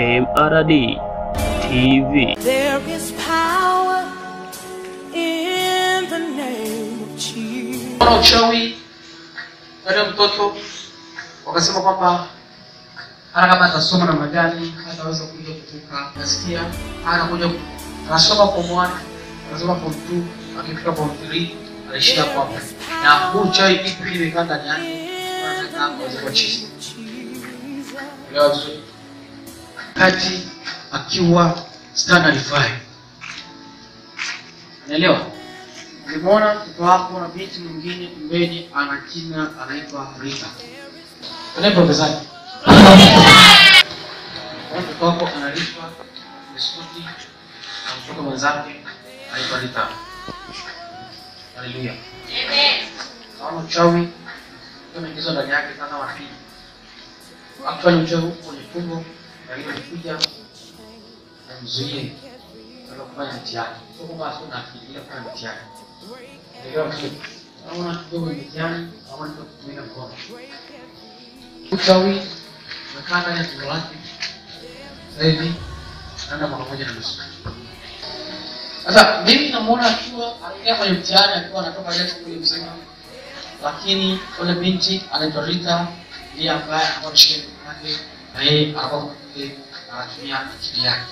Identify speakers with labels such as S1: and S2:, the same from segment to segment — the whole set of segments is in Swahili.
S1: MRD TV. There is power in the name of Jesus. Uchawi baada mtoto wakasema kwamba hata kama atasoma na magani hataweza kuja kutoka. Nasikia anakuja anasoma form 1 anasoma form 2 akifika form 3 kwa mtu. na huu uchawi kitu kimekaa ndani yake. Anataka kuweza kuchisi. Leo wakati akiwa standard 5. Naelewa? Nimeona mtoto wako na binti mwingine pembeni ana jina anaitwa Rita. Anaitwa mezani. Mtoto wako analishwa biskuti na mtoto mwenzake anaitwa Rita. Haleluya. Amen. Kama uchawi ingizo ndani yake sana wanapiga. Actually uchawi uko kwenye tumbo Mwalimu alikuja amzuie kwenda kufanya mtihani, sio kwamba sio nafikiria kufanya mtihani. Elewa kitu, naona kidogo mtihani au ndio kutumia mkono. Uchawi umekaa ndani ya tumbo lake sasa hivi naenda mwaka moja na nusu. Sasa mimi namuona akiwa anaingia kwenye mtihani akiwa anatoka yetu kule mzima, lakini yule binti anaitwa Rita ndiye ambaye ambaye mshirika wake na yeye anakuwa eh, anatumia akili yake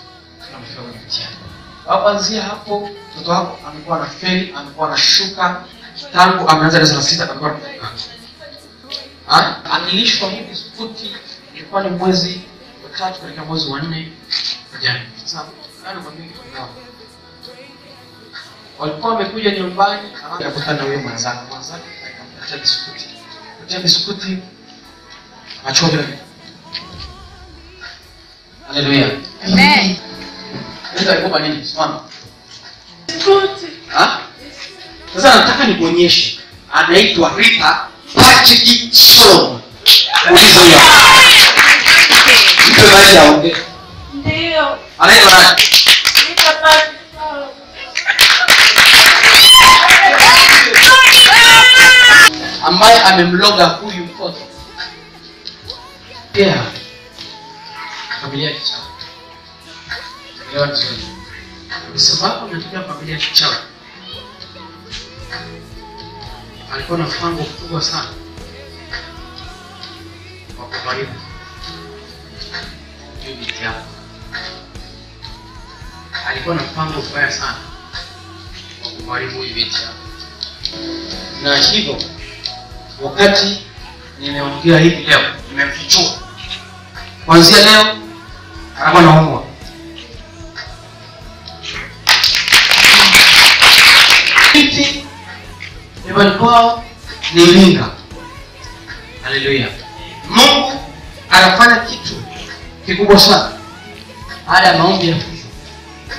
S1: anafika kwenye mtihani. Kuanzia hapo mtoto wako amekuwa na feli, amekuwa anashuka tangu ameanza darasa la sita, amekuwa anilishwa hivi sukuti, ilikuwa ni mwezi wa tatu katika mwezi wa nne jana. Sasa walikuwa wamekuja nyumbani, akakutana na huyo mwenzake, mwenzake akamletea biskuti, kutia biskuti machozi Haleluya. Amen. Yesu alikupa nini? Simama. Ha? Sasa nataka nikuonyeshe. Anaitwa Rita Patrick Solomon. Ulizo Mtu maisha aongee. Ndio. Anaitwa nani? Rita Patrick Solomon. ambaye amemloga huyu mtoto. Yeah familia kichawi. Elewa vizuri. Kwa sababu unatokea familia kichawi. Alikuwa na mpango mkubwa sana Kwa kumalibu juu binti yako. Alikuwa na mpango mbaya sana Kwa kumalibu hivi binti na hivyo wakati nimeongea hivi leo, nimefichua kuanzia leo I want no more. Kiti nilikuwa ni linga. Haleluya. Mungu anafanya kitu kikubwa sana baada ya maombi ya Mungu,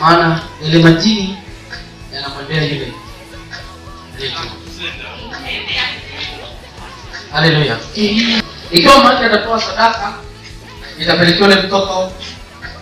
S1: maana yale majini yanamwendea yule Haleluya. Ikiwa mtu atatoa sadaka, itapelekewa ile mtoto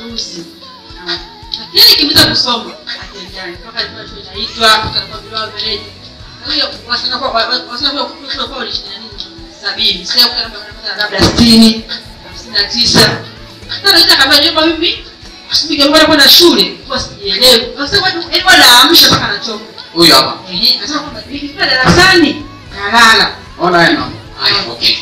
S1: matumizi lakini nikimaliza kusoma mpaka alikuwa chuo chaitwa mpaka alikuwa vilawa veleji sabini labda sitini hamsini na tisa hata kabla niomba mimi asubuhi kama kwenda shule kwa sijielewi kwa naamsha mpaka nachoka huyo hapa eh anasema kwamba nikifika darasani nalala ona yeye mama okay